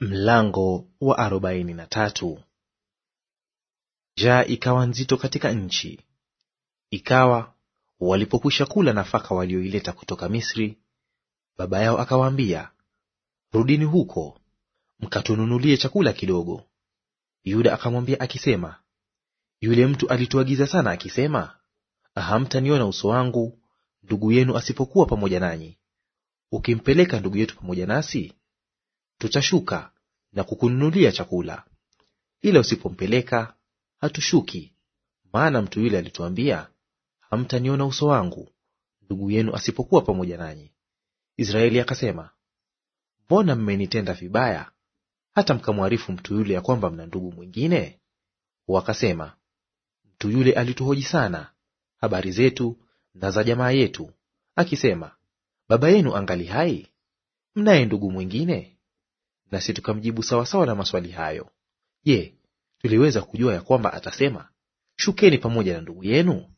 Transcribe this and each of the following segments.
Mlango wa arobaini na tatu. Njaa ikawa nzito katika nchi. Ikawa walipokwisha kula nafaka walioileta kutoka Misri, baba yao akawaambia, rudini huko mkatununulie chakula kidogo. Yuda akamwambia akisema, yule mtu alituagiza sana akisema, hamtaniona uso wangu ndugu yenu asipokuwa pamoja nanyi. Ukimpeleka ndugu yetu pamoja nasi tutashuka na kukununulia chakula, ila usipompeleka hatushuki. Maana mtu yule alituambia, hamtaniona uso wangu, ndugu yenu asipokuwa pamoja nanyi. Israeli akasema, mbona mmenitenda vibaya hata mkamwarifu mtu yule ya kwamba mna ndugu mwingine? Wakasema, mtu yule alituhoji sana habari zetu na za jamaa yetu, akisema, baba yenu angali hai? Mnaye ndugu mwingine? nasi tukamjibu sawasawa na maswali hayo. Je, tuliweza kujua ya kwamba atasema shukeni pamoja na ndugu yenu?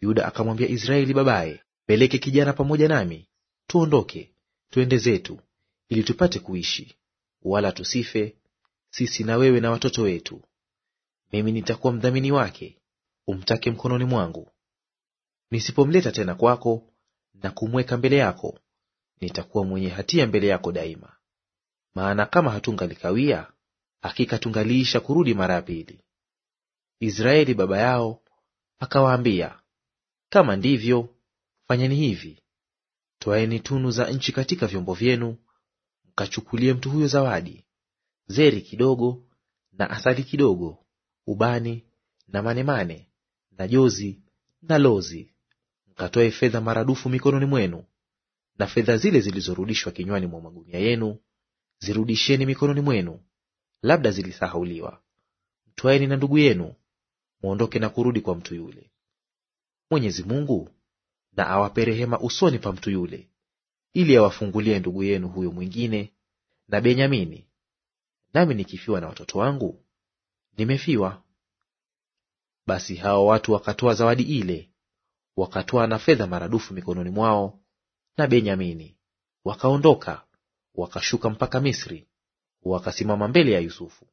Yuda akamwambia Israeli babaye, peleke kijana pamoja nami, tuondoke tuende zetu, ili tupate kuishi, wala tusife sisi na wewe na watoto wetu. Mimi nitakuwa mdhamini wake, umtake mkononi mwangu. Nisipomleta tena kwako na kumweka mbele yako, nitakuwa mwenye hatia mbele yako daima maana kama hatungalikawia, hakika tungaliisha kurudi mara ya pili. Israeli baba yao akawaambia, kama ndivyo, fanyeni hivi: twaeni tunu za nchi katika vyombo vyenu, mkachukulie mtu huyo zawadi, zeri kidogo na asali kidogo, ubani na manemane na jozi na lozi, mkatoe fedha maradufu mikononi mwenu, na fedha zile zilizorudishwa kinywani mwa magunia yenu zirudisheni mikononi mwenu, labda zilisahauliwa. Mtwaeni na ndugu yenu, mwondoke na kurudi kwa mtu yule. Mwenyezi Mungu na awape rehema usoni pa mtu yule, ili awafungulie ndugu yenu huyo mwingine na Benyamini. Nami nikifiwa na watoto wangu, nimefiwa. Basi hao watu wakatoa zawadi ile, wakatoa na fedha maradufu mikononi mwao na Benyamini, wakaondoka wakashuka mpaka Misri, wakasimama mbele ya Yusufu.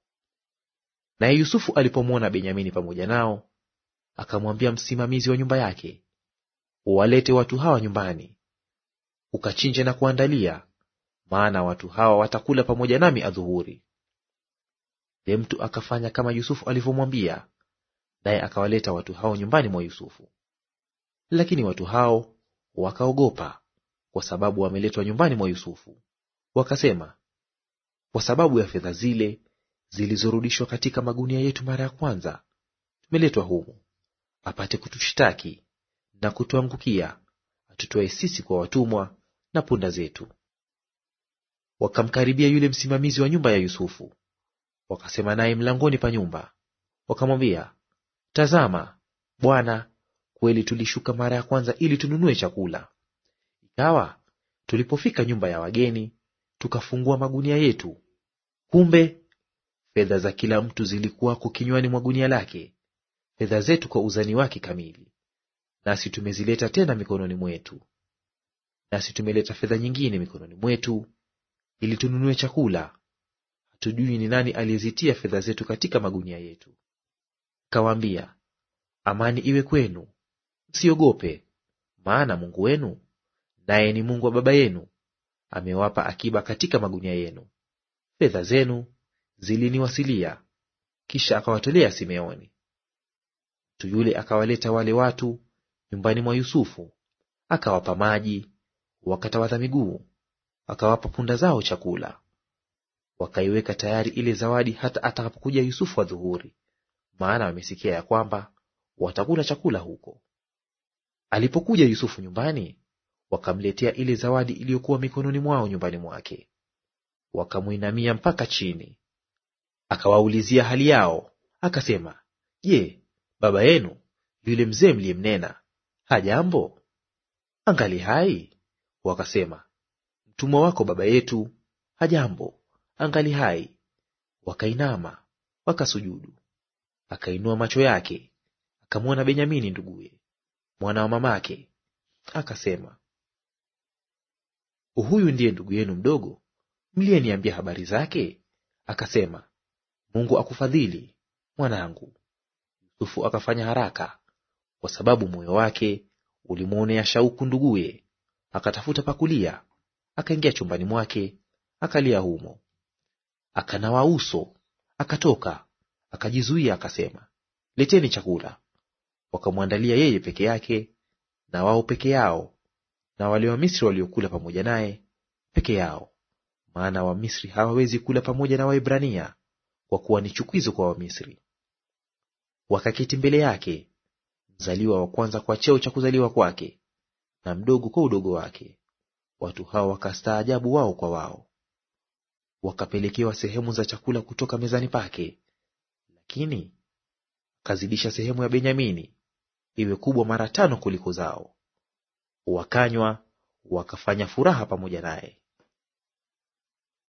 Naye Yusufu alipomwona Benyamini pamoja nao, akamwambia msimamizi wa nyumba yake, walete watu hawa nyumbani, ukachinje na kuandalia, maana watu hawa watakula pamoja nami adhuhuri. Yule mtu akafanya kama Yusufu alivyomwambia, naye akawaleta watu hao nyumbani mwa Yusufu. Lakini watu hao wakaogopa, kwa sababu wameletwa nyumbani mwa Yusufu. Wakasema, kwa sababu ya fedha zile zilizorudishwa katika magunia yetu mara ya kwanza, tumeletwa humu apate kutushtaki na kutuangukia, atutoe sisi kwa watumwa na punda zetu. Wakamkaribia yule msimamizi wa nyumba ya Yusufu, wakasema naye mlangoni pa nyumba, wakamwambia, Tazama bwana, kweli tulishuka mara ya kwanza ili tununue chakula. Ikawa tulipofika nyumba ya wageni, tukafungua magunia yetu, kumbe fedha za kila mtu zilikuwako kinywani mwa gunia lake, fedha zetu kwa uzani wake kamili, nasi tumezileta tena mikononi mwetu. Nasi tumeleta fedha nyingine mikononi mwetu, ili tununue chakula; hatujui ni nani aliyezitia fedha zetu katika magunia yetu. Kawaambia, amani iwe kwenu, msiogope; maana Mungu wenu, naye ni Mungu wa baba yenu, amewapa akiba katika magunia yenu. Fedha zenu ziliniwasilia. Kisha akawatolea Simeoni. Mtu yule akawaleta wale watu nyumbani mwa Yusufu, akawapa maji, wakatawadha miguu, akawapa punda zao chakula. Wakaiweka tayari ile zawadi hata atakapokuja Yusufu adhuhuri, maana wamesikia ya kwamba watakula chakula huko. Alipokuja Yusufu nyumbani, wakamletea ile zawadi iliyokuwa mikononi mwao nyumbani mwake, wakamwinamia mpaka chini. Akawaulizia hali yao, akasema, Je, baba yenu yule mzee mliyemnena hajambo? Angali hai? Wakasema, mtumwa wako baba yetu hajambo, angali hai. Wakainama wakasujudu. Akainua macho yake akamwona Benyamini nduguye, mwana wa mamake, akasema, huyu ndiye ndugu yenu mdogo mliyeniambia habari zake? Akasema, Mungu akufadhili mwanangu. Yusufu akafanya haraka, kwa sababu moyo wake ulimwonea shauku nduguye, akatafuta pakulia, akaingia chumbani mwake, akalia humo. Akanawa uso, akatoka, akajizuia, akasema, leteni chakula. Wakamwandalia yeye peke yake na wao peke yao na wale Wamisri waliokula pamoja naye peke yao, maana Wamisri hawawezi kula pamoja na Waebrania, kwa kuwa ni chukizo kwa Wamisri. Wakaketi mbele yake mzaliwa wa kwanza kwa cheo cha kuzaliwa kwake, na mdogo kwa udogo wake. Watu hao wakastaajabu wao kwa wao. Wakapelekewa sehemu za chakula kutoka mezani pake, lakini akazidisha sehemu ya Benyamini iwe kubwa mara tano kuliko zao wakanywa wakafanya furaha pamoja naye.